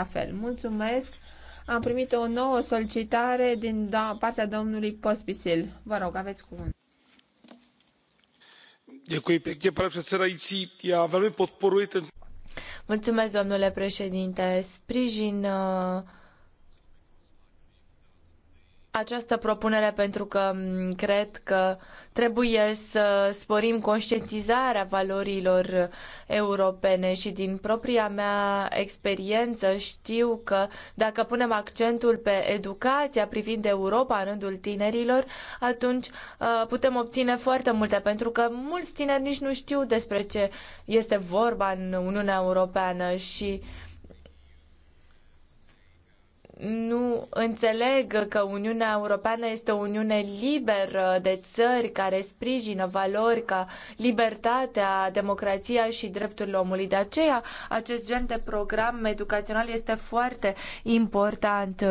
La fel, mulțumesc. Am primit o nouă solicitare din partea domnului Pospisil. Vă rog, aveți cuvânt. pane předsedající já velmi podporuji tento. mulțumesc domnule președinte sprijin uh, această propunere pentru că mm, cred că trebuie să sporim conștientizarea valorilor europene și din propria mea experiență știu că dacă punem accentul pe educația privind Europa în rândul tinerilor, atunci uh, putem obține foarte multe, pentru că mulți tineri nici nu știu despre ce este vorba în Uniunea Europeană și nu înțeleg că Uniunea Europeană este o uniune liberă de țări care sprijină valori ca libertatea, democrația și drepturile omului. De aceea, acest gen de program educațional este foarte important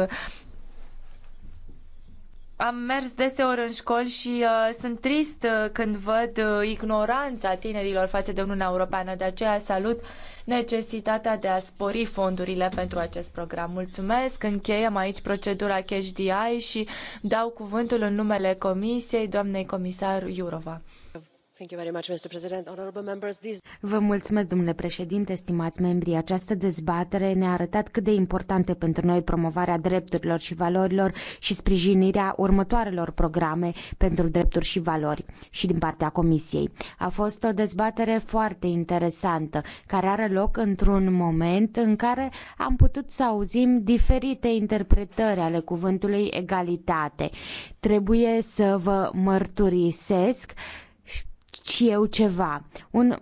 am mers deseori în școli și uh, sunt trist uh, când văd uh, ignoranța tinerilor față de Uniunea Europeană. De aceea salut necesitatea de a spori fondurile pentru acest program. Mulțumesc. Încheiem aici procedura Cash și dau cuvântul în numele Comisiei doamnei comisar Iurova. Vă mulțumesc, domnule președinte, stimați membri. Această dezbatere ne-a arătat cât de importante pentru noi promovarea drepturilor și valorilor și sprijinirea următoarelor programe pentru drepturi și valori și din partea Comisiei. A fost o dezbatere foarte interesantă, care are loc într-un moment în care am putut să auzim diferite interpretări ale cuvântului egalitate. Trebuie să vă mărturisesc și eu ceva, un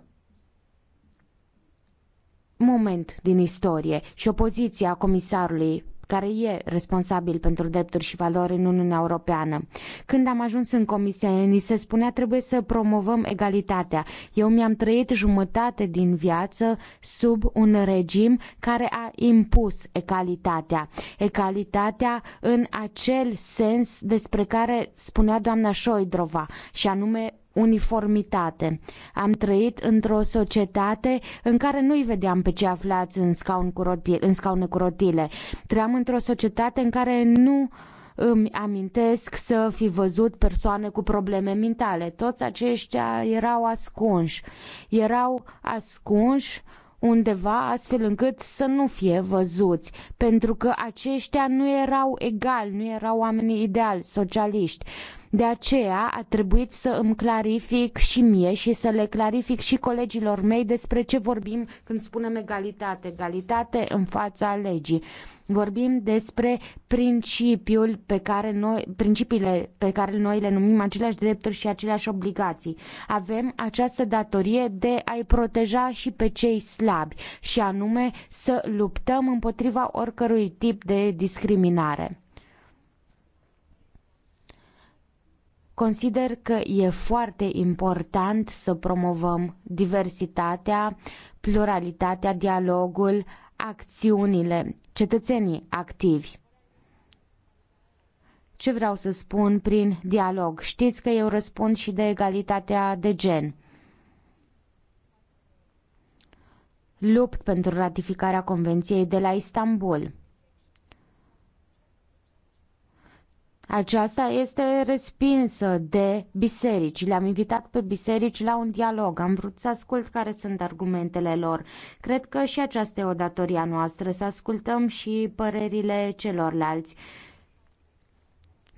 moment din istorie și opoziția comisarului care e responsabil pentru drepturi și valori în Uniunea Europeană. Când am ajuns în comisie, ni se spunea trebuie să promovăm egalitatea. Eu mi-am trăit jumătate din viață sub un regim care a impus egalitatea. Egalitatea în acel sens despre care spunea doamna Șoidrova, și anume uniformitate. Am trăit într-o societate în care nu-i vedeam pe cei aflați în, scaun cu rotile, în scaune cu rotile. Trăiam într-o societate în care nu îmi amintesc să fi văzut persoane cu probleme mentale. Toți aceștia erau ascunși. Erau ascunși undeva astfel încât să nu fie văzuți, pentru că aceștia nu erau egali, nu erau oamenii ideali, socialiști. De aceea a trebuit să îmi clarific și mie și să le clarific și colegilor mei despre ce vorbim când spunem egalitate. Egalitate în fața legii. Vorbim despre principiul pe care noi, principiile pe care noi le numim aceleași drepturi și aceleași obligații. Avem această datorie de a-i proteja și pe cei slabi și anume să luptăm împotriva oricărui tip de discriminare. Consider că e foarte important să promovăm diversitatea, pluralitatea, dialogul, acțiunile, cetățenii activi. Ce vreau să spun prin dialog? Știți că eu răspund și de egalitatea de gen. Lupt pentru ratificarea Convenției de la Istanbul. Aceasta este respinsă de biserici. Le-am invitat pe biserici la un dialog. Am vrut să ascult care sunt argumentele lor. Cred că și aceasta e o datoria noastră, să ascultăm și părerile celorlalți.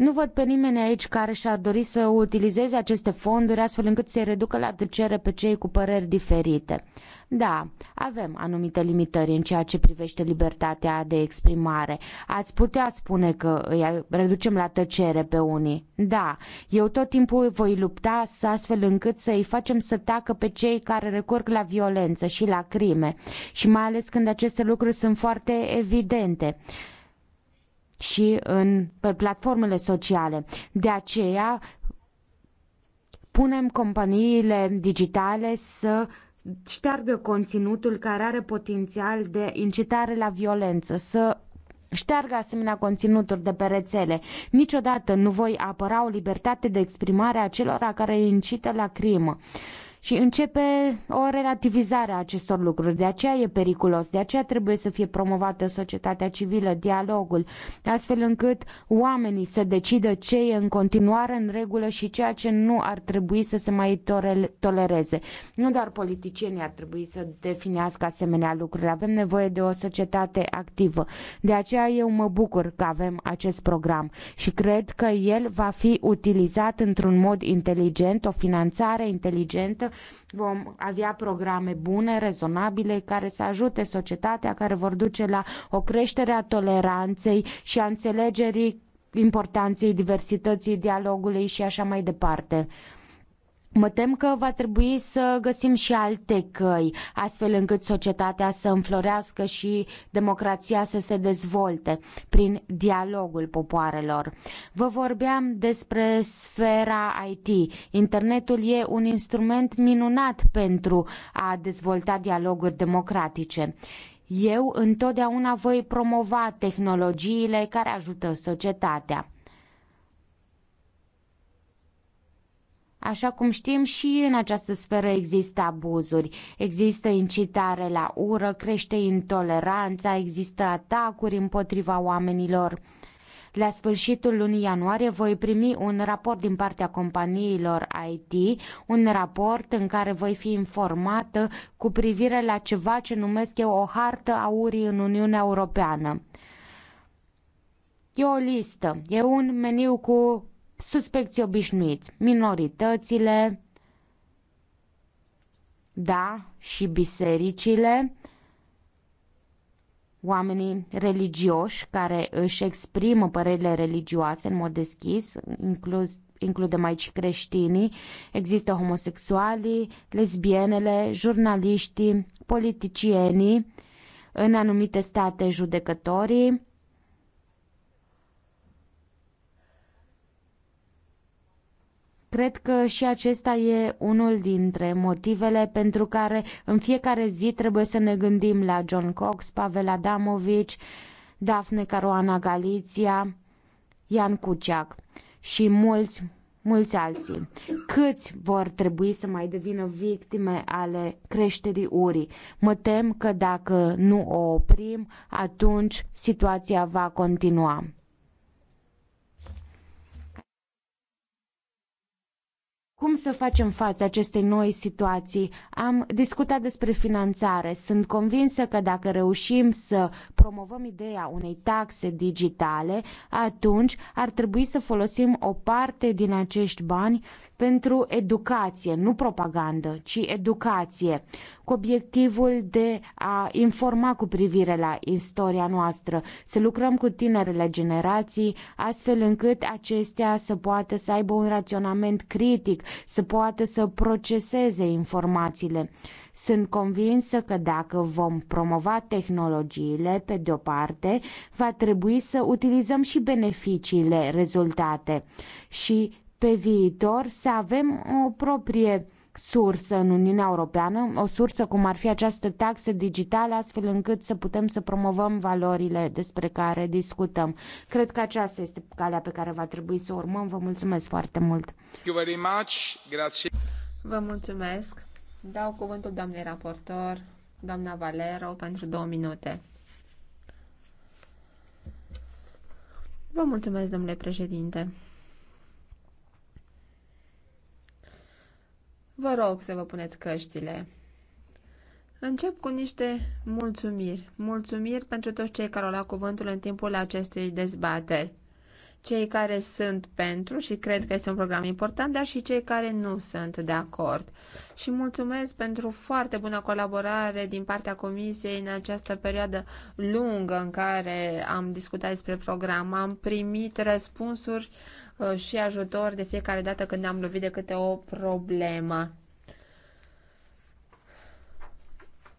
Nu văd pe nimeni aici care și-ar dori să utilizeze aceste fonduri astfel încât să-i reducă la tăcere pe cei cu păreri diferite. Da, avem anumite limitări în ceea ce privește libertatea de exprimare. Ați putea spune că îi reducem la tăcere pe unii. Da, eu tot timpul voi lupta să astfel încât să îi facem să tacă pe cei care recurg la violență și la crime și mai ales când aceste lucruri sunt foarte evidente și în, pe platformele sociale. De aceea punem companiile digitale să șteargă conținutul care are potențial de incitare la violență, să șteargă asemenea conținuturi de pe rețele. Niciodată nu voi apăra o libertate de exprimare a celor care incită la crimă. Uh, și începe o relativizare a acestor lucruri. De aceea e periculos, de aceea trebuie să fie promovată societatea civilă, dialogul, astfel încât oamenii să decidă ce e în continuare în regulă și ceea ce nu ar trebui să se mai tolereze. Nu doar politicienii ar trebui să definească asemenea lucruri. Avem nevoie de o societate activă. De aceea eu mă bucur că avem acest program și cred că el va fi utilizat într-un mod inteligent, o finanțare inteligentă vom avea programe bune, rezonabile, care să ajute societatea, care vor duce la o creștere a toleranței și a înțelegerii importanței diversității, dialogului și așa mai departe. Mă tem că va trebui să găsim și alte căi, astfel încât societatea să înflorească și democrația să se dezvolte prin dialogul popoarelor. Vă vorbeam despre sfera IT. Internetul e un instrument minunat pentru a dezvolta dialoguri democratice. Eu întotdeauna voi promova tehnologiile care ajută societatea. Așa cum știm, și în această sferă există abuzuri, există incitare la ură, crește intoleranța, există atacuri împotriva oamenilor. La sfârșitul lunii ianuarie voi primi un raport din partea companiilor IT, un raport în care voi fi informată cu privire la ceva ce numesc eu o hartă urii în Uniunea Europeană. E o listă, e un meniu cu suspecții obișnuiți, minoritățile, da, și bisericile, oamenii religioși care își exprimă părerile religioase în mod deschis, inclus, includem aici creștinii, există homosexualii, lesbienele, jurnaliștii, politicienii, în anumite state judecătorii, Cred că și acesta e unul dintre motivele pentru care în fiecare zi trebuie să ne gândim la John Cox, Pavel Adamovici, Daphne Caruana Galiția, Ian Cuciac și mulți, mulți alții. Câți vor trebui să mai devină victime ale creșterii urii? Mă tem că dacă nu o oprim, atunci situația va continua. Cum să facem față acestei noi situații? Am discutat despre finanțare. Sunt convinsă că dacă reușim să promovăm ideea unei taxe digitale, atunci ar trebui să folosim o parte din acești bani pentru educație, nu propagandă, ci educație, cu obiectivul de a informa cu privire la istoria noastră, să lucrăm cu tinerele generații, astfel încât acestea să poată să aibă un raționament critic, să poată să proceseze informațiile. Sunt convinsă că dacă vom promova tehnologiile, pe de-o parte, va trebui să utilizăm și beneficiile rezultate și pe viitor să avem o proprie sursă în Uniunea Europeană, o sursă cum ar fi această taxă digitală, astfel încât să putem să promovăm valorile despre care discutăm. Cred că aceasta este calea pe care va trebui să urmăm. Vă mulțumesc foarte mult! Vă mulțumesc! Dau cuvântul doamnei raportor, doamna Valero, pentru două minute. Vă mulțumesc, domnule președinte! Vă rog să vă puneți căștile. Încep cu niște mulțumiri. Mulțumiri pentru toți cei care au luat cuvântul în timpul acestei dezbateri. Cei care sunt pentru și cred că este un program important, dar și cei care nu sunt de acord. Și mulțumesc pentru foarte bună colaborare din partea Comisiei în această perioadă lungă în care am discutat despre program. Am primit răspunsuri Uh, și ajutor de fiecare dată când am lovit de câte o problemă.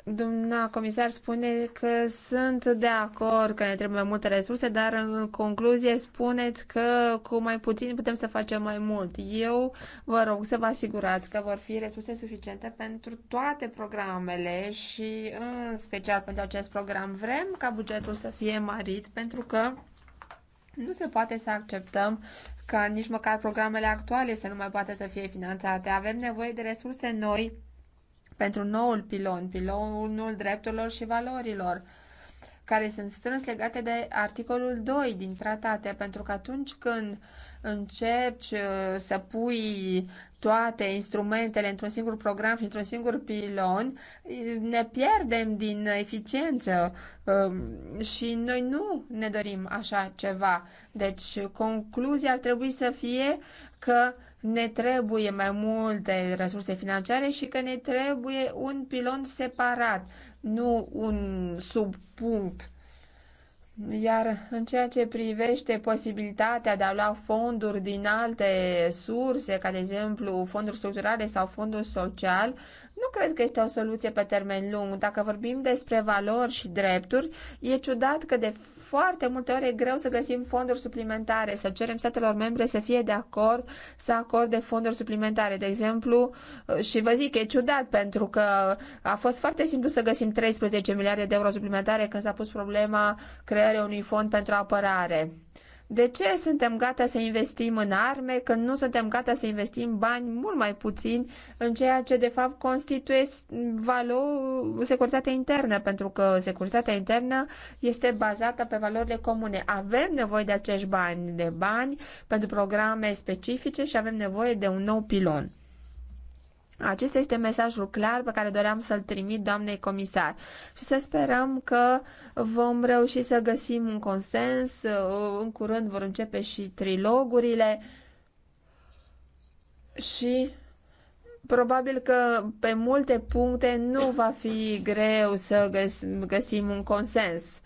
Domnul comisar spune că sunt de acord că ne trebuie mai multe resurse, dar în concluzie spuneți că cu mai puțin putem să facem mai mult. Eu vă rog să vă asigurați că vor fi resurse suficiente pentru toate programele și în special pentru acest program. Vrem ca bugetul să fie marit pentru că nu se poate să acceptăm că nici măcar programele actuale să nu mai poată să fie finanțate. Avem nevoie de resurse noi pentru noul pilon, pilonul drepturilor și valorilor, care sunt strâns legate de articolul 2 din tratate, pentru că atunci când încerci uh, să pui toate instrumentele într-un singur program și într-un singur pilon, ne pierdem din eficiență um, și noi nu ne dorim așa ceva. Deci, concluzia ar trebui să fie că ne trebuie mai multe resurse financiare și că ne trebuie un pilon separat, nu un subpunct iar în ceea ce privește posibilitatea de a lua fonduri din alte surse, ca de exemplu fonduri structurale sau fondul social, nu cred că este o soluție pe termen lung. Dacă vorbim despre valori și drepturi, e ciudat că de foarte multe ori e greu să găsim fonduri suplimentare, să cerem statelor membre să fie de acord să acorde fonduri suplimentare. De exemplu, și vă zic, e ciudat pentru că a fost foarte simplu să găsim 13 miliarde de euro suplimentare când s-a pus problema creării unui fond pentru apărare. De ce suntem gata să investim în arme când nu suntem gata să investim bani mult mai puțin în ceea ce de fapt constituie valo- securitatea internă, pentru că securitatea internă este bazată pe valorile comune. Avem nevoie de acești bani, de bani pentru programe specifice și avem nevoie de un nou pilon. Acesta este mesajul clar pe care doream să-l trimit doamnei comisar și să sperăm că vom reuși să găsim un consens. În curând vor începe și trilogurile și Probabil că pe multe puncte nu va fi greu să găs găsim un consens,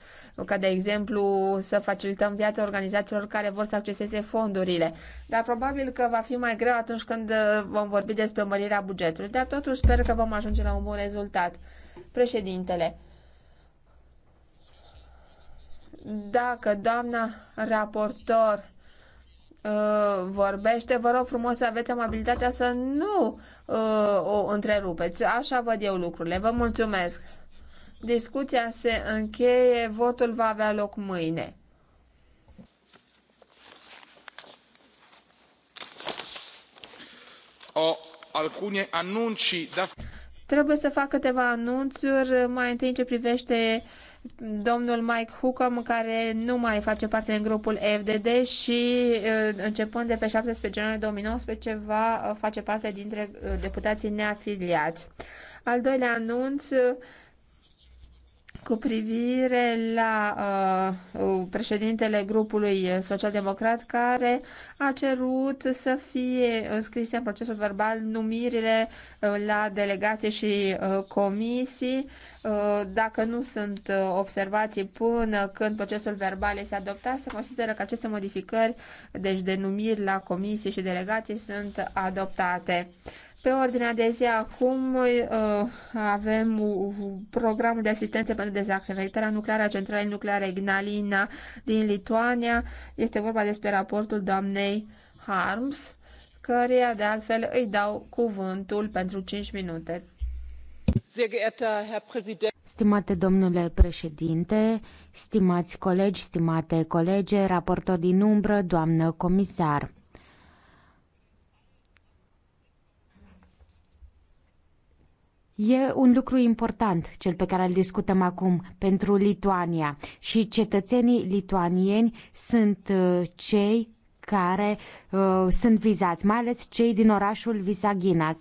ca de exemplu să facilităm viața organizațiilor care vor să acceseze fondurile. Dar probabil că va fi mai greu atunci când uh, vom vorbi despre mărirea bugetului, dar totuși sper că vom ajunge la un bun rezultat. Președintele, dacă doamna raportor Uh, vorbește, vă rog frumos să aveți amabilitatea să nu uh, o întrerupeți. Așa văd eu lucrurile. Vă mulțumesc. Discuția se încheie, votul va avea loc mâine. O, alcune anunci da... Trebuie să fac câteva anunțuri, mai întâi în ce privește uh, domnul Mike Hucom, care nu mai face parte din grupul FDD și începând de pe 17 ianuarie 2019 va face parte dintre deputații neafiliați. Al doilea anunț, cu privire la uh, uh, președintele grupului social-democrat care a cerut să fie înscrise în procesul verbal numirile uh, la delegații și uh, comisii. Uh, dacă nu sunt uh, observații până când procesul verbal este adoptat, se consideră că aceste modificări, deci denumiri la comisii și delegații, sunt adoptate. Pe ordinea de zi acum uh, avem programul de asistență pentru dezafectarea nucleară a centralei nucleare Ignalina din Lituania. Este vorba despre raportul doamnei Harms, căreia de altfel îi dau cuvântul pentru 5 minute. Stimate domnule președinte, stimați colegi, stimate colege, raportor din umbră, doamnă comisar. E un lucru important, cel pe care îl discutăm acum, pentru Lituania. Și cetățenii lituanieni sunt uh, cei care uh, sunt vizați, mai ales cei din orașul Uh,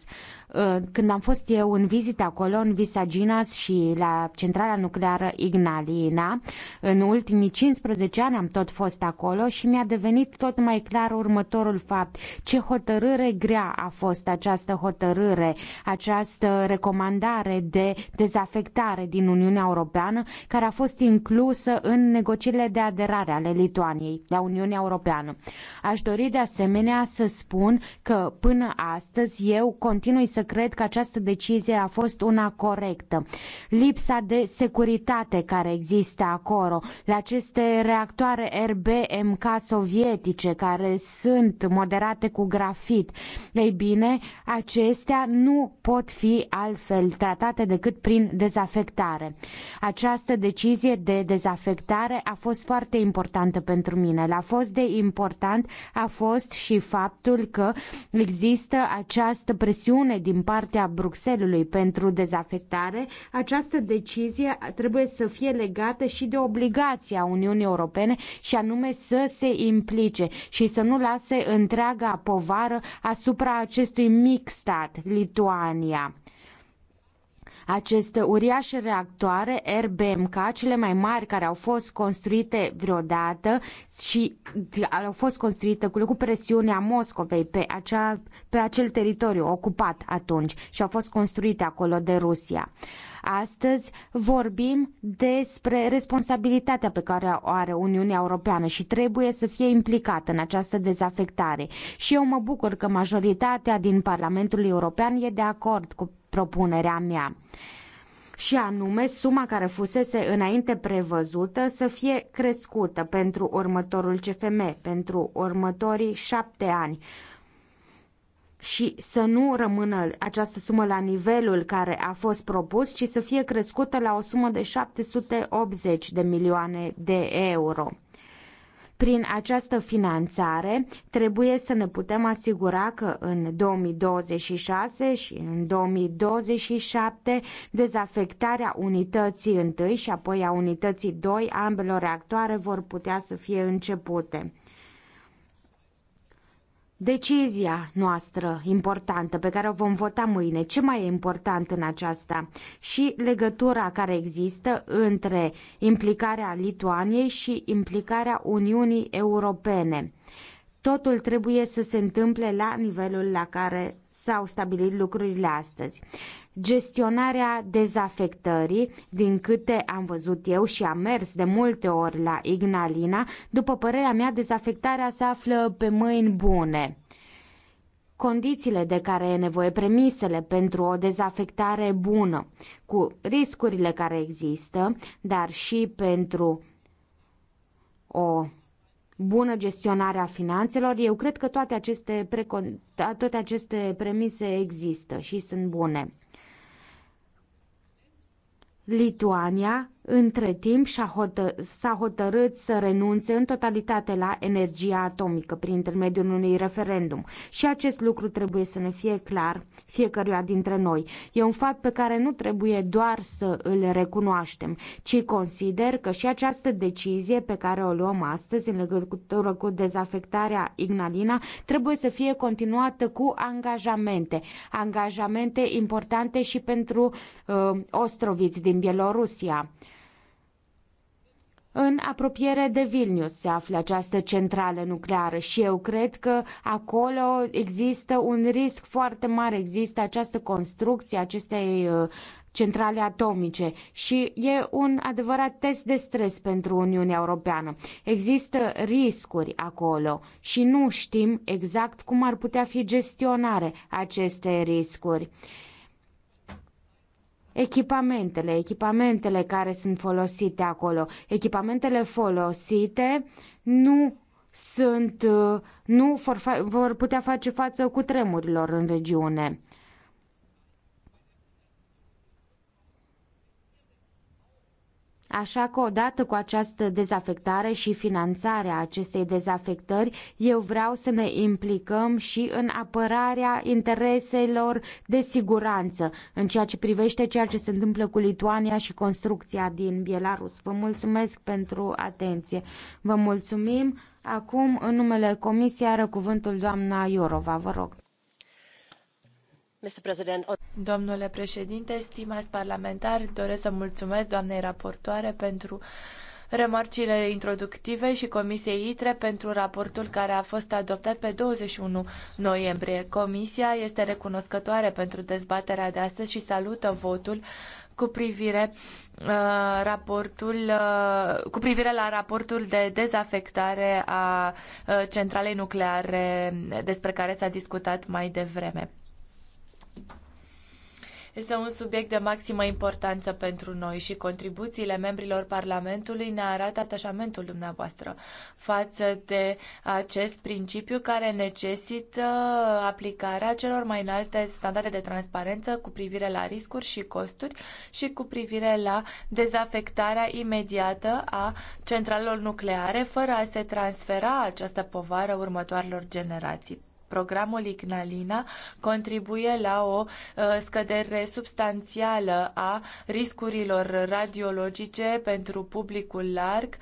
Uh, când am fost eu în vizită acolo, în Visaginas și la centrala nucleară Ignalina, în ultimii 15 ani am tot fost acolo și mi-a devenit tot mai clar următorul fapt. Ce hotărâre grea a fost această hotărâre, această recomandare de dezafectare din Uniunea Europeană, care a fost inclusă în negocierile de aderare ale Lituaniei la Uniunea Europeană. Aș dori de asemenea să spun că până astăzi eu continui să cred că această decizie a fost una corectă. Lipsa de securitate care există acolo, la aceste reactoare RBMK sovietice care sunt moderate cu grafit, ei bine, acestea nu pot fi altfel tratate decât prin dezafectare. Această decizie de dezafectare a fost foarte importantă pentru mine. La fost de important a fost și faptul că există această presiune din din partea Bruxelului pentru dezafectare, această decizie trebuie să fie legată și de obligația Uniunii Europene și anume să se implice și să nu lase întreaga povară asupra acestui mic stat, Lituania. Aceste uriașe reactoare RBMK, cele mai mari care au fost construite vreodată și au fost construite cu, cu presiunea Moscovei pe, acea, pe acel teritoriu ocupat atunci și au fost construite acolo de Rusia. Uh, Astăzi vorbim despre responsabilitatea pe care o are Uniunea Europeană și trebuie să fie implicată în această dezafectare. Și eu mă bucur că majoritatea din Parlamentul European e de acord cu propunerea mea și anume suma care fusese înainte prevăzută să fie crescută pentru următorul CFM, pentru următorii șapte ani și să nu rămână această sumă la nivelul care a fost propus, ci să fie crescută la o sumă de 780 de milioane de euro. Prin această finanțare trebuie să ne putem asigura că în 2026 și în 2027 dezafectarea unității 1 și apoi a unității 2 ambelor reactoare vor putea să fie începute. Decizia noastră importantă pe care o vom vota mâine, ce mai e important în aceasta și legătura care există între implicarea Lituaniei și implicarea Uniunii Europene. Totul trebuie să se întâmple la nivelul la care s-au stabilit lucrurile astăzi. Gestionarea dezafectării, din câte am văzut eu și am mers de multe ori la Ignalina, după părerea mea, dezafectarea se află pe mâini bune. Condițiile de care e nevoie, premisele pentru o dezafectare bună, cu riscurile care există, dar și pentru o bună gestionare a finanțelor, eu cred că toate aceste, precon... toate aceste premise există și sunt bune. Lituania între timp s-a hotă hotărât să renunțe în totalitate la energia atomică prin intermediul unui referendum și acest lucru trebuie să ne fie clar fiecăruia dintre noi. E un fapt pe care nu trebuie doar să îl recunoaștem, ci consider că și această decizie pe care o luăm astăzi în legătură cu dezafectarea Ignalina trebuie să fie continuată cu angajamente, angajamente importante și pentru uh, Ostroviți din Bielorusia. În apropiere de Vilnius se află această centrală nucleară și eu cred că acolo există un risc foarte mare, există această construcție, acestei uh, centrale atomice și e un adevărat test de stres pentru Uniunea Europeană. Există riscuri acolo și nu știm exact cum ar putea fi gestionare aceste riscuri echipamentele, echipamentele care sunt folosite acolo. Echipamentele folosite nu sunt, uh, nu vor, vor putea face față cu tremurilor în regiune. Așa că odată cu această dezafectare și finanțarea acestei dezafectări, eu vreau să ne implicăm și în apărarea intereselor de siguranță în ceea ce privește ceea ce se întâmplă cu Lituania și construcția din Belarus. Vă mulțumesc pentru atenție. Vă mulțumim. Acum, în numele Comisiei, are cuvântul doamna Iorova. Vă rog. Domnule președinte, stimați parlamentari, doresc să mulțumesc doamnei raportoare pentru remarcile introductive și Comisiei ITRE pentru raportul care a fost adoptat pe 21 noiembrie. Comisia este recunoscătoare pentru dezbaterea de astăzi și salută votul cu privire uh, raportul uh, cu privire la raportul de dezafectare a uh, centralei nucleare despre care s-a discutat mai devreme. Este un subiect de maximă importanță pentru noi și contribuțiile membrilor Parlamentului ne arată atașamentul dumneavoastră față de acest principiu care necesită aplicarea celor mai înalte standarde de transparență cu privire la riscuri și costuri și cu privire la dezafectarea imediată a centralelor nucleare fără a se transfera această povară următoarelor generații programul Ignalina contribuie la o uh, scădere substanțială a riscurilor radiologice pentru publicul larg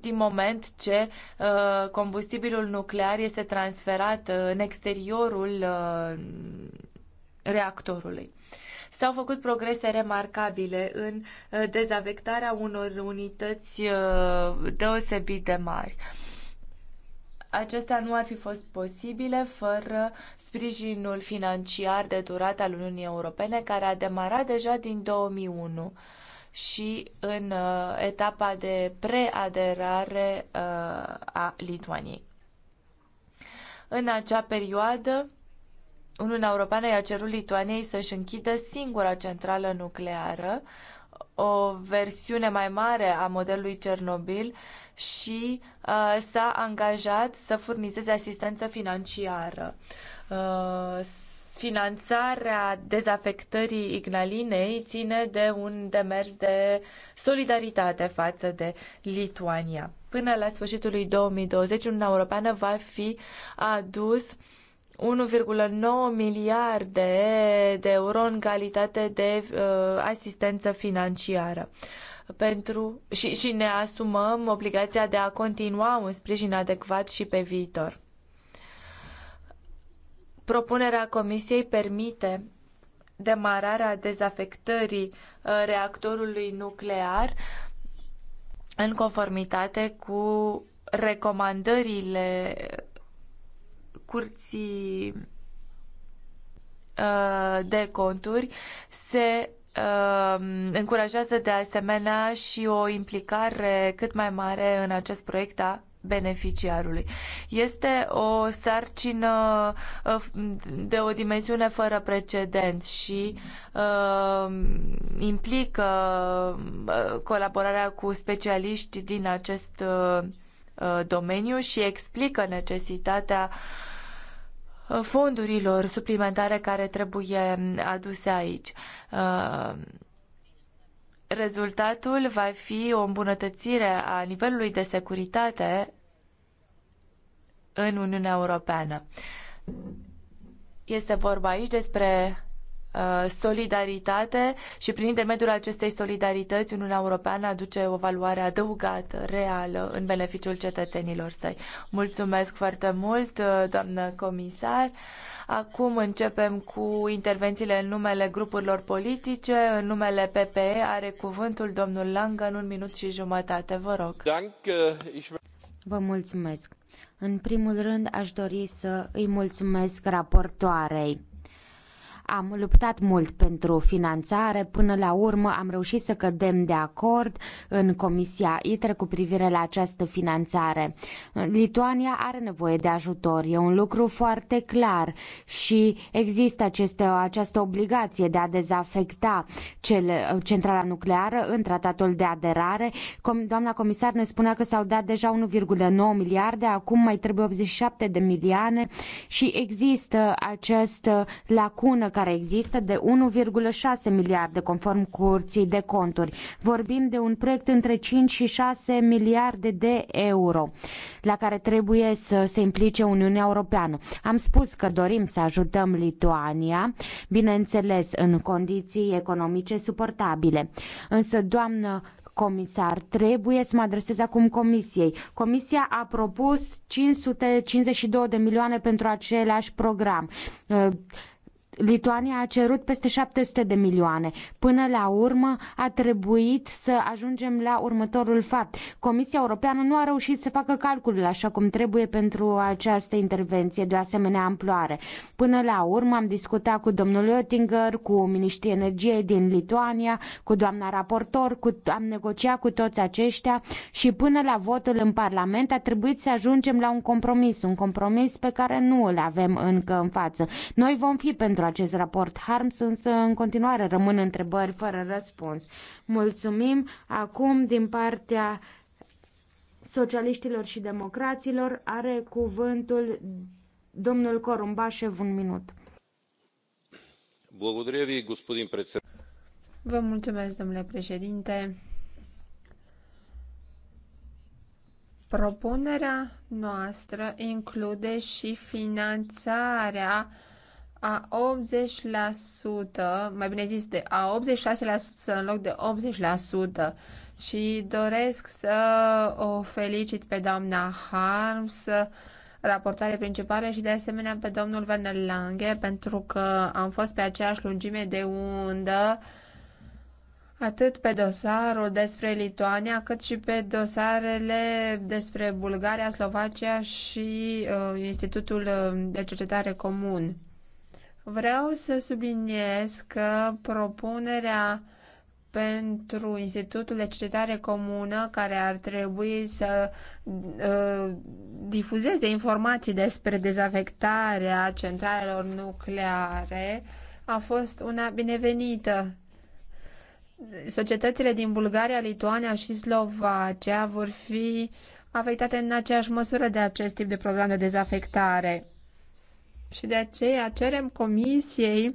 din moment ce uh, combustibilul nuclear este transferat uh, în exteriorul reactorului. S-au făcut progrese remarcabile în dezavectarea unor unități deosebit de mari acestea nu ar fi fost posibile fără sprijinul financiar de durată al Uniunii Europene, care a demarat deja din 2001 și în uh, etapa de preaderare uh, a Lituaniei. În acea perioadă, Uniunea Europeană i-a cerut Lituaniei să-și închidă singura centrală nucleară, o versiune mai mare a modelului Cernobil și uh, s-a angajat să furnizeze asistență financiară. Uh, finanțarea dezafectării Ignalinei ține de un demers de solidaritate față de Lituania. Până la sfârșitul lui 2020, Uniunea Europeană va fi adus uh, 1,9 miliarde de euro în calitate de uh, asistență financiară. Pentru, și, și ne asumăm obligația de a continua un sprijin adecvat și pe viitor. Propunerea Comisiei permite demararea dezafectării uh, reactorului nuclear în conformitate cu recomandările curții uh, de conturi se uh, încurajează de asemenea și o implicare cât mai mare în acest proiect a beneficiarului. Este o sarcină uh, de o dimensiune fără precedent și uh, implică colaborarea cu specialiști din acest uh, domeniu și explică necesitatea uh, Uh, fondurilor suplimentare care trebuie aduse aici. Uh, rezultatul va fi o îmbunătățire a nivelului de securitate în Uniunea Europeană. Este vorba aici despre Uh, solidaritate și prin intermediul acestei solidarități Uniunea Europeană aduce o valoare adăugată, reală, în beneficiul cetățenilor săi. Mulțumesc foarte mult, uh, doamnă comisar. Acum începem cu intervențiile în numele grupurilor politice. În numele PPE are cuvântul domnul Langa în un minut și jumătate. Vă rog. Uh, Vă mulțumesc. În primul rând, aș dori să îi mulțumesc raportoarei am luptat mult pentru finanțare, până la urmă am reușit să cădem de acord în Comisia ITRE cu privire la această finanțare. Lituania are nevoie de ajutor, e un lucru foarte clar și există aceste, această obligație de a dezafecta cele, centrala nucleară în tratatul de aderare. Com, doamna comisar ne spunea că s-au dat deja 1,9 miliarde, acum mai trebuie 87 de milioane și există această lacună care care există de 1,6 miliarde conform curții de conturi. Vorbim de un proiect între 5 și 6 miliarde de euro la care trebuie să se implice Uniunea Europeană. Am spus că dorim să ajutăm Lituania, bineînțeles în condiții economice suportabile. Însă, doamnă comisar, trebuie să mă adresez acum comisiei. Comisia a propus 552 de milioane pentru același program. Lituania a cerut peste 700 de milioane. Până la urmă a trebuit să ajungem la următorul fapt. Comisia Europeană nu a reușit să facă calculul așa cum trebuie pentru această intervenție de o asemenea amploare. Până la urmă am discutat cu domnul Oettinger, cu Ministrii Energiei din Lituania, cu doamna raportor, cu, am negociat cu toți aceștia și până la votul în Parlament a trebuit să ajungem la un compromis, un compromis pe care nu îl avem încă în față. Noi vom fi pentru pentru acest raport Harms, însă în continuare rămân întrebări fără răspuns. Mulțumim. Acum, din partea socialiștilor și democraților, are cuvântul domnul Corumbașev un minut. Vă mulțumesc, domnule președinte. Propunerea noastră include și finanțarea a 80%, mai bine zis, de a 86% în loc de 80% și doresc să o felicit pe doamna Harms, raportare principală și de asemenea pe domnul Werner Lange pentru că am fost pe aceeași lungime de undă atât pe dosarul despre Lituania, cât și pe dosarele despre Bulgaria, Slovacia și uh, Institutul uh, de Cercetare Comun. Vreau să subliniez că propunerea pentru Institutul de Cercetare Comună, care ar trebui să uh, difuzeze informații despre dezafectarea centralelor nucleare, a fost una binevenită. Societățile din Bulgaria, Lituania și Slovacia vor fi afectate în aceeași măsură de acest tip de program de dezafectare și de aceea cerem Comisiei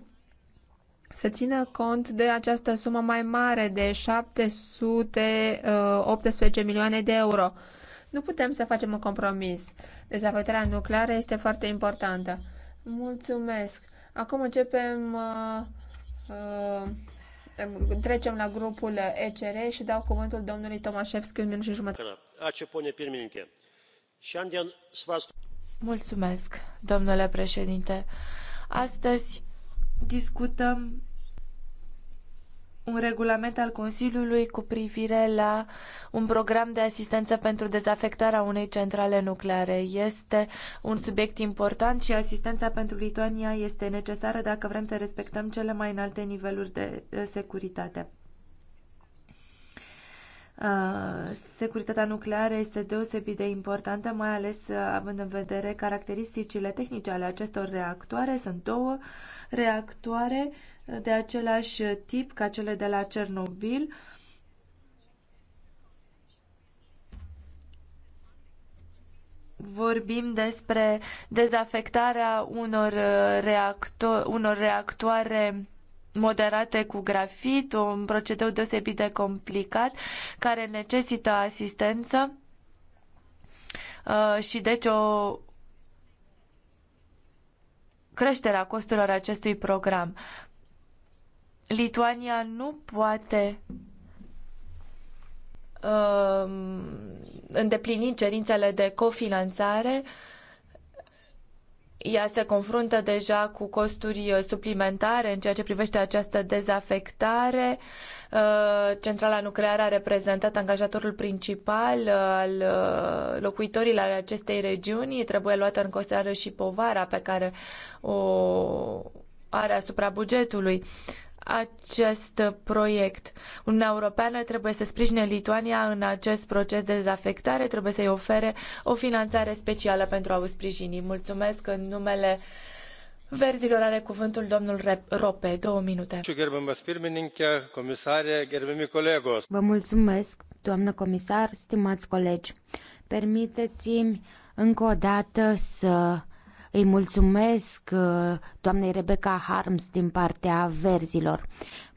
să țină cont de această sumă mai mare de 718 uh, milioane de euro. Nu putem să facem un compromis. Dezavătarea nucleară este foarte importantă. Mulțumesc. Acum începem, uh, uh, trecem la grupul ECR și dau cuvântul domnului Tomașevski în minut și jumătate. Și Mulțumesc, domnule președinte. Astăzi discutăm un regulament al Consiliului cu privire la un program de asistență pentru dezafectarea unei centrale nucleare. Este un subiect important și asistența pentru Lituania este necesară dacă vrem să respectăm cele mai înalte niveluri de securitate securitatea nucleară este deosebit de importantă, mai ales având în vedere caracteristicile tehnice ale acestor reactoare. Sunt două reactoare de același tip ca cele de la Cernobil. Vorbim despre dezafectarea unor, reacto- unor reactoare moderate cu grafit, un procedeu deosebit de complicat care necesită asistență uh, și deci o creștere a costurilor acestui program. Lituania nu poate um, îndeplini cerințele de cofinanțare uh, ea se confruntă deja cu costuri uh, suplimentare în ceea ce privește această dezafectare. Uh, centrala nucleară a reprezentat angajatorul principal uh, al locuitorilor acestei regiuni. Trebuie luată în considerare și povara pe care o are asupra bugetului acest proiect. Uniunea Europeană trebuie să sprijine Lituania în acest proces de dezafectare, trebuie să-i ofere o finanțare specială pentru a o sprijini. Mulțumesc în numele Verzilor are cuvântul domnul Rope, două minute. Vă mulțumesc, doamnă comisar, stimați colegi. Permiteți-mi încă o dată să îi mulțumesc uh, doamnei Rebecca Harms din partea verzilor.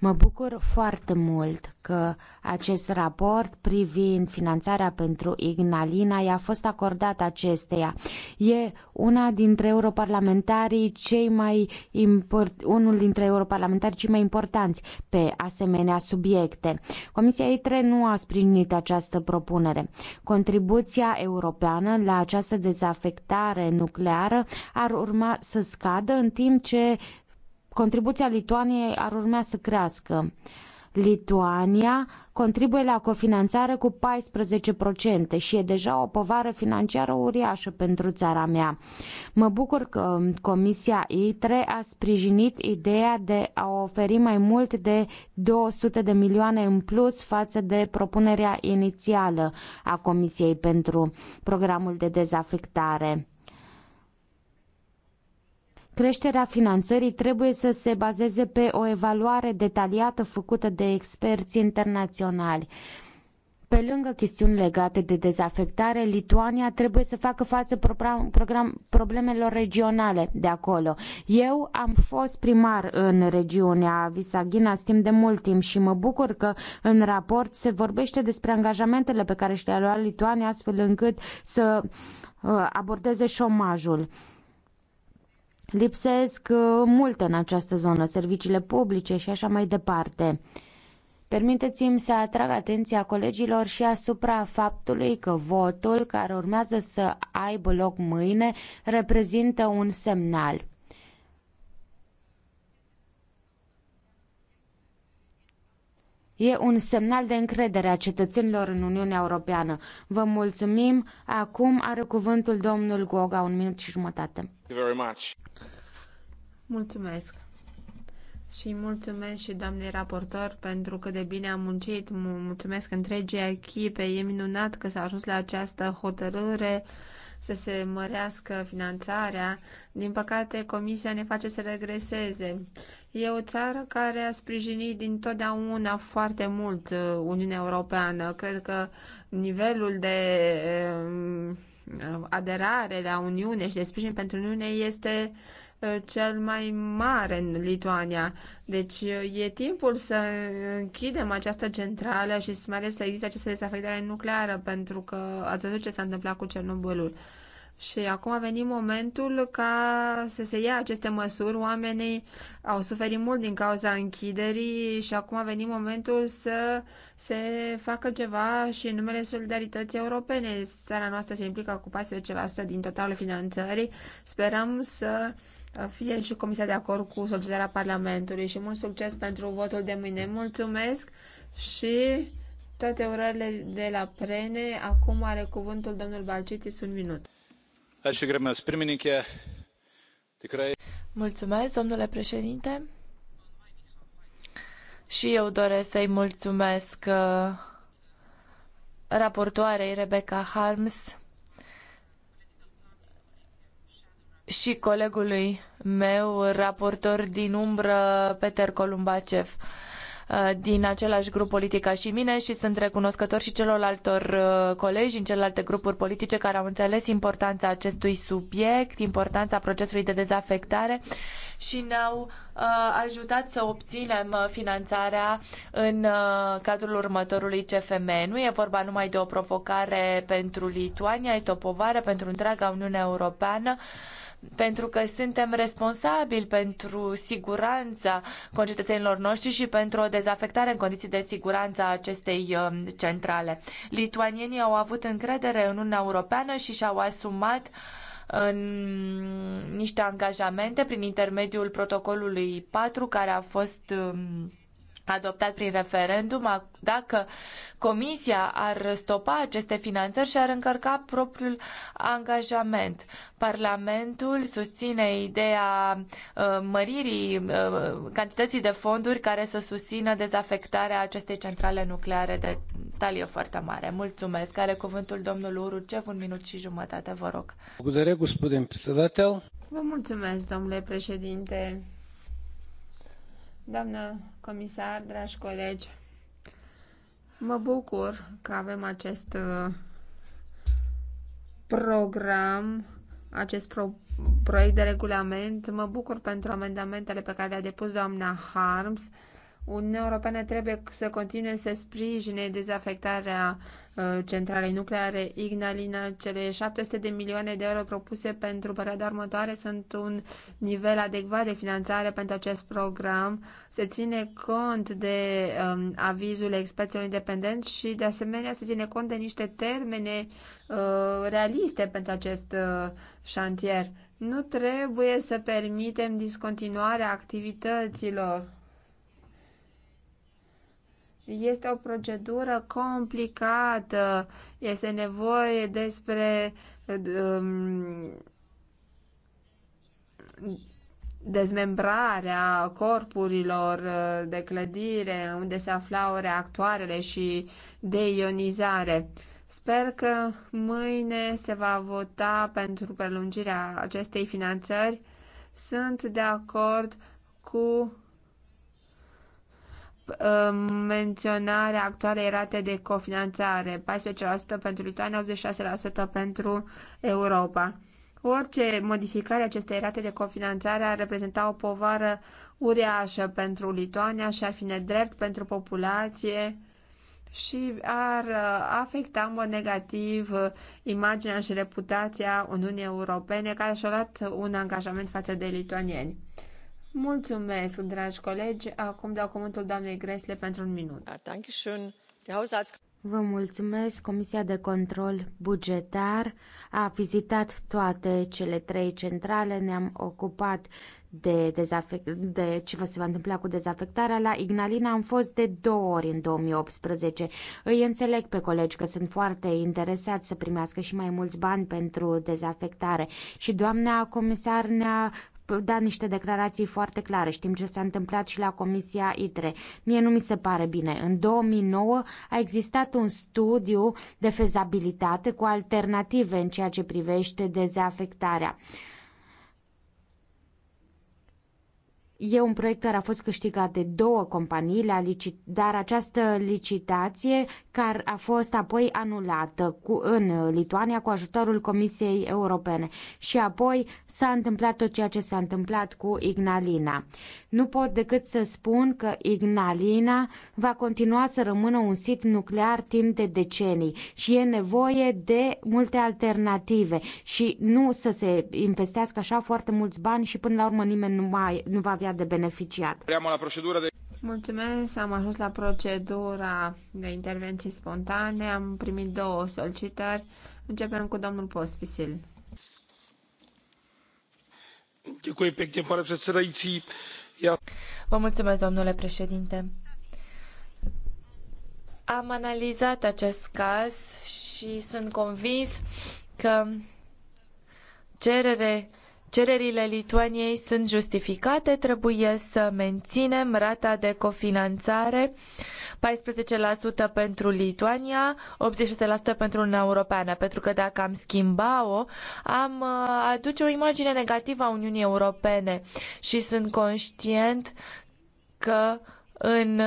Mă bucur foarte mult că acest raport privind finanțarea pentru Ignalina i-a fost acordat acesteia. E una dintre europarlamentarii cei mai import, unul dintre europarlamentarii cei mai importanți pe asemenea subiecte. Comisia ITRE nu a sprijinit această propunere. Contribuția europeană la această dezafectare nucleară ar urma să scadă în timp ce contribuția Lituaniei ar urmea să crească. Lituania contribuie la cofinanțare cu 14% și e deja o povară financiară uriașă pentru țara mea. Mă bucur că Comisia ITRE a sprijinit ideea de a oferi mai mult de 200 de milioane în plus față de propunerea inițială a Comisiei pentru programul de dezafectare. Creșterea finanțării trebuie să se bazeze pe o evaluare detaliată făcută de experți internaționali. Pe lângă chestiuni legate de dezafectare, Lituania trebuie să facă față program, program, problemelor regionale de acolo. Eu am fost primar în regiunea Visagina timp de mult timp și mă bucur că în raport se vorbește despre angajamentele pe care și le-a luat Lituania astfel încât să uh, abordeze șomajul. Lipsesc uh, multe în această zonă, serviciile publice și așa mai departe. Permiteți-mi să atrag atenția colegilor și asupra faptului că votul care urmează să aibă loc mâine reprezintă un semnal E un semnal de încredere a cetățenilor în Uniunea Europeană. Vă mulțumim. Acum are cuvântul domnul Goga, un minut și jumătate. Mulțumesc. Și mulțumesc și doamnei raportor pentru că de bine am muncit. Mulțumesc întregii echipe. E minunat că s-a ajuns la această hotărâre să se mărească finanțarea. Din păcate, Comisia ne face să regreseze. E o țară care a sprijinit dintotdeauna foarte mult uh, Uniunea Europeană. Cred că nivelul de um, aderare la Uniune și de sprijin pentru Uniune este uh, cel mai mare în Lituania. Deci uh, e timpul să închidem această centrală și mai ales să existe această desafectare nucleară, pentru că ați văzut ce s-a întâmplat cu Cernobâlul. Și acum a venit momentul ca să se ia aceste măsuri. Oamenii au suferit mult din cauza închiderii și acum a venit momentul să se facă ceva și în numele solidarității europene. Țara noastră se implică cu 14% din totalul finanțării. Sperăm să fie și Comisia de acord cu solicitarea Parlamentului și mult succes pentru votul de mâine. Mulțumesc și toate urările de la Prene. Acum are cuvântul domnul Balcitis un minut. Mulțumesc, domnule președinte. Și eu doresc să-i mulțumesc uh, raportoarei Rebecca Harms și colegului meu, raportor din umbră, Peter Columbacev. Uh, din același grup politic ca și mine și sunt recunoscător și celorlaltor uh, colegi din celelalte grupuri politice care au înțeles importanța acestui subiect, importanța procesului de dezafectare și ne-au uh, ajutat să obținem finanțarea în cadrul următorului CFM. Nu e vorba numai de o provocare pentru Lituania, este o povară pentru întreaga Uniune Europeană pentru că suntem responsabili pentru siguranța concetățenilor noștri și pentru o dezafectare în condiții de siguranță a acestei um, centrale. Lituanienii au avut încredere în Uniunea Europeană și și-au asumat în um, niște angajamente prin intermediul protocolului 4 care a fost um, adoptat prin referendum, dacă Comisia ar stopa aceste finanțări și ar încărca propriul angajament. Parlamentul susține ideea uh, măririi uh, cantității de fonduri care să susțină dezafectarea acestei centrale nucleare de talie foarte mare. Mulțumesc. Are cuvântul domnul Urucev, un minut și jumătate, vă rog. Vă mulțumesc, domnule președinte. Doamnă comisar, dragi colegi, mă bucur că avem acest uh, program, acest pro proiect de regulament. Mă bucur pentru amendamentele pe care le-a depus doamna Harms. Uniunea Europeană trebuie să continue să sprijine dezafectarea Uh, centralei nucleare Ignalina. Cele 700 de milioane de euro propuse pentru perioada următoare sunt un nivel adecvat de finanțare pentru acest program. Se ține cont de um, avizul experților independenți și de asemenea se ține cont de niște termene uh, realiste pentru acest uh, șantier. Nu trebuie să permitem discontinuarea activităților este o procedură complicată, este nevoie despre um, dezmembrarea corpurilor uh, de clădire unde se aflau reactoarele și deionizare. Sper că mâine se va vota pentru prelungirea acestei finanțări. Sunt de acord cu menționarea actualei rate de cofinanțare, 14% pentru Lituania, 86% pentru Europa. Orice modificare acestei rate de cofinanțare ar reprezenta o povară uriașă pentru Lituania și ar fi nedrept pentru populație și ar uh, afecta în mod negativ uh, imaginea și reputația Uniunii Europene care și-a luat un angajament față de lituanieni. Mulțumesc, dragi colegi. Acum dau cuvântul doamnei Gresle pentru un minut. Da, vă mulțumesc. Comisia de control bugetar a vizitat toate cele trei centrale. Ne-am ocupat de, dezafect, de ce se va întâmpla cu dezafectarea. La Ignalina am fost de două ori în 2018. Îi înțeleg pe colegi că sunt foarte interesați să primească și mai mulți bani pentru dezafectare. Și doamna comisar ne-a dat niște declarații foarte clare. Știm ce s-a întâmplat și la Comisia ITRE. Mie nu mi se pare bine. În 2009 a existat un studiu de fezabilitate cu alternative în ceea ce privește dezafectarea. E un proiect care a fost câștigat de două companii, la licit- dar această licitație care a fost apoi anulată cu, în Lituania cu ajutorul Comisiei Europene. Și apoi s-a întâmplat tot ceea ce s-a întâmplat cu Ignalina. Nu pot decât să spun că Ignalina va continua să rămână un sit nuclear timp de decenii și e nevoie de multe alternative și nu să se investească așa foarte mulți bani și până la urmă nimeni nu, mai, nu va avea de beneficiat. Preamă la procedură de Mulțumesc, am ajuns la procedura de intervenții spontane. Am primit două solicitări. Începem cu domnul Pospisil. Vă mulțumesc, domnule președinte. Am analizat acest caz și sunt convins că cerere Cererile Lituaniei sunt justificate, trebuie să menținem rata de cofinanțare 14% pentru Lituania, 86% pentru Uniunea Europeană, pentru că dacă am schimba-o, am uh, aduce o imagine negativă a Uniunii Europene și sunt conștient că în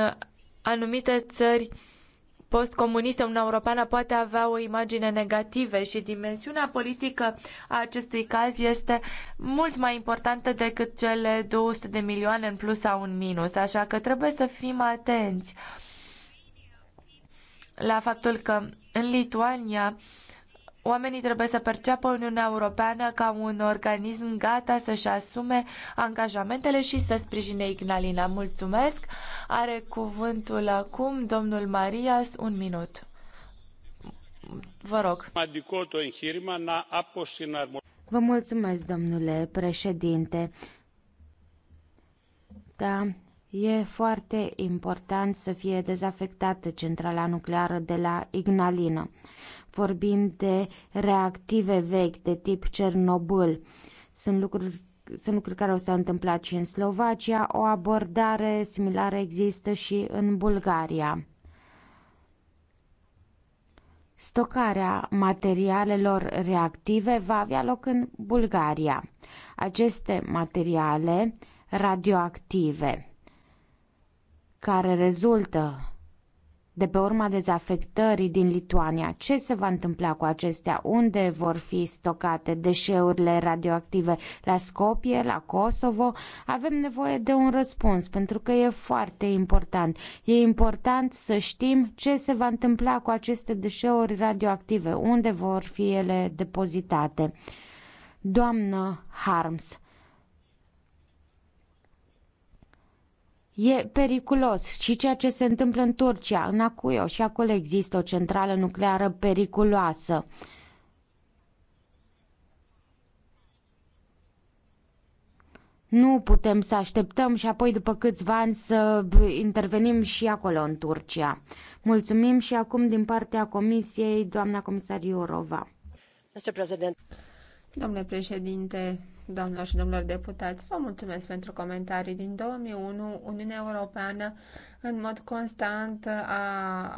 anumite țări postcomunistă, Uniunea Europeană poate avea o imagine negativă și dimensiunea politică a acestui caz este mult mai importantă decât cele 200 de milioane în plus sau în minus, așa că trebuie să fim atenți la faptul că în Lituania Oamenii trebuie să perceapă Uniunea Europeană ca un organism gata să-și asume angajamentele și să sprijine Ignalina. Mulțumesc! Are cuvântul acum domnul Marias, un minut. Vă rog. Vă mulțumesc, domnule președinte. Da, e foarte important să fie dezafectată centrala nucleară de la Ignalina vorbim de reactive vechi de tip Cernobâl. Sunt lucruri sunt lucruri care s-au întâmplat și în Slovacia, o abordare similară există și în Bulgaria. Stocarea materialelor reactive va avea loc în Bulgaria. Aceste materiale radioactive care rezultă de pe urma dezafectării din Lituania. Ce se va întâmpla cu acestea? Unde vor fi stocate deșeurile radioactive? La Scopie? la Kosovo? Avem nevoie de un răspuns pentru că e foarte important. E important să știm ce se va întâmpla cu aceste deșeuri radioactive, unde vor fi ele depozitate. Doamnă Harms, E periculos și ceea ce se întâmplă în Turcia, în Acuio și acolo există o centrală nucleară periculoasă. Nu putem să așteptăm și apoi după câțiva ani să intervenim și acolo în Turcia. Mulțumim și acum din partea Comisiei, doamna comisar Iurova. Domnule președinte, doamnelor și domnilor deputați. Vă mulțumesc pentru comentarii. Din 2001, Uniunea Europeană în mod constant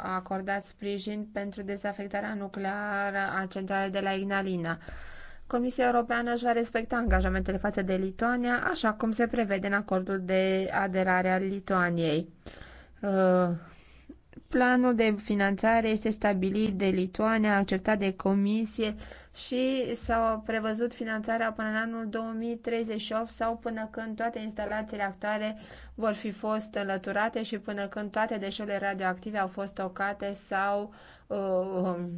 a acordat sprijin pentru dezafectarea nucleară a centralei de la Ignalina. Comisia Europeană își va respecta angajamentele față de Lituania, așa cum se prevede în acordul de aderare al Lituaniei. Uh, planul de finanțare este stabilit de Lituania, acceptat de Comisie și s-a prevăzut finanțarea până în anul 2038 sau până când toate instalațiile actuale vor fi fost înlăturate și până când toate deșeurile radioactive au fost tocate sau uh, um,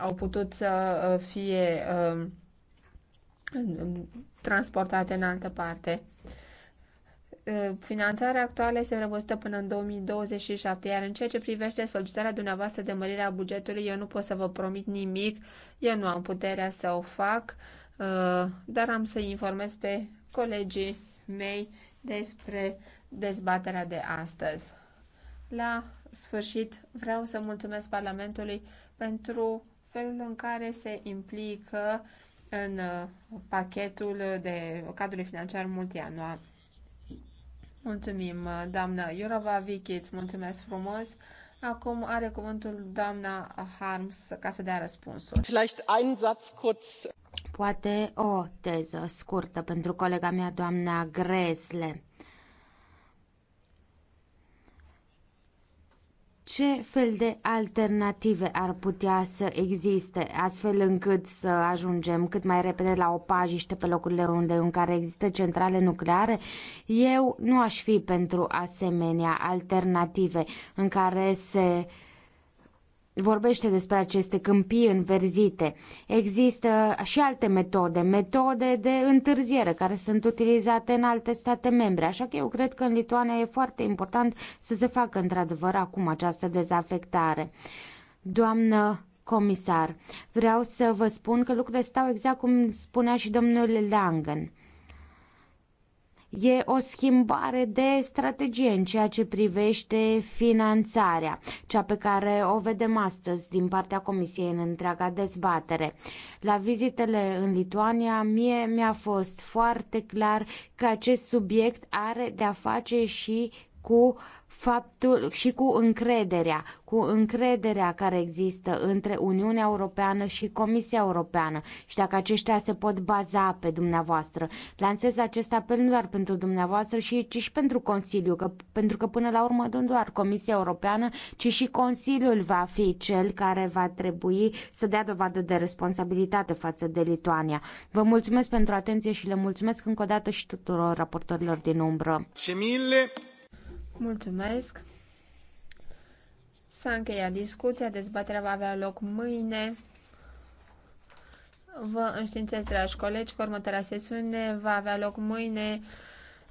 au putut să uh, fie uh, transportate în altă parte. Ă, finanțarea actuală este prevăzută până în 2027, iar în ceea ce privește solicitarea dumneavoastră de mărire a bugetului, eu nu pot să vă promit nimic, eu nu am puterea să o fac, ă, dar am să informez pe colegii mei despre dezbaterea de astăzi. La sfârșit, vreau să mulțumesc Parlamentului pentru felul în care se implică în uh, pachetul de cadrul financiar multianual. Mulțumim, uh, doamna Iurova Vicky, îți mulțumesc frumos. Acum are cuvântul doamna Harms ca să dea răspunsul. Vielleicht Satz kurz. Poate o teză scurtă pentru colega mea, doamna Gresle. ce fel de alternative ar putea să existe, astfel încât să ajungem cât mai repede la o pajiște pe locurile unde în care există centrale nucleare? Eu nu aș fi pentru asemenea alternative în care se uh, vorbește despre aceste câmpii înverzite. Există și alte metode, metode de întârziere care sunt utilizate în alte state membre, așa că eu cred că în Lituania e foarte important să se facă într-adevăr acum această dezafectare. Doamnă comisar, vreau să vă spun că lucrurile stau exact cum spunea și domnul Langen. E o schimbare de strategie în ceea ce privește finanțarea, cea pe care o vedem astăzi din partea Comisiei în întreaga dezbatere. La vizitele în Lituania, mie mi-a fost foarte clar că acest subiect are de-a face și cu uh, faptul și cu încrederea, cu încrederea care există între Uniunea Europeană și Comisia Europeană și dacă aceștia se pot baza pe dumneavoastră. Lansez acest apel nu doar pentru dumneavoastră, și, ci și pentru Consiliu, că, pentru că până la urmă nu doar Comisia Europeană, ci și Consiliul va fi cel care va trebui să dea dovadă de responsabilitate față de Lituania. Vă mulțumesc pentru atenție și le mulțumesc încă o dată și tuturor raportorilor din umbră. Ce mille. Mulțumesc. S-a încheiat discuția, dezbaterea va avea loc mâine. Vă înștiințez, dragi colegi, că următoarea sesiune va avea loc mâine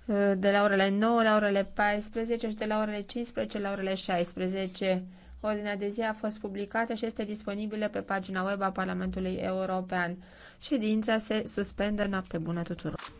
eh, de la orele 9 la orele 14 și de la orele 15 la orele 16. Ordinea de zi a fost publicată și este disponibilă pe pagina web a Parlamentului European. Ședința se suspendă. Noapte bună tuturor!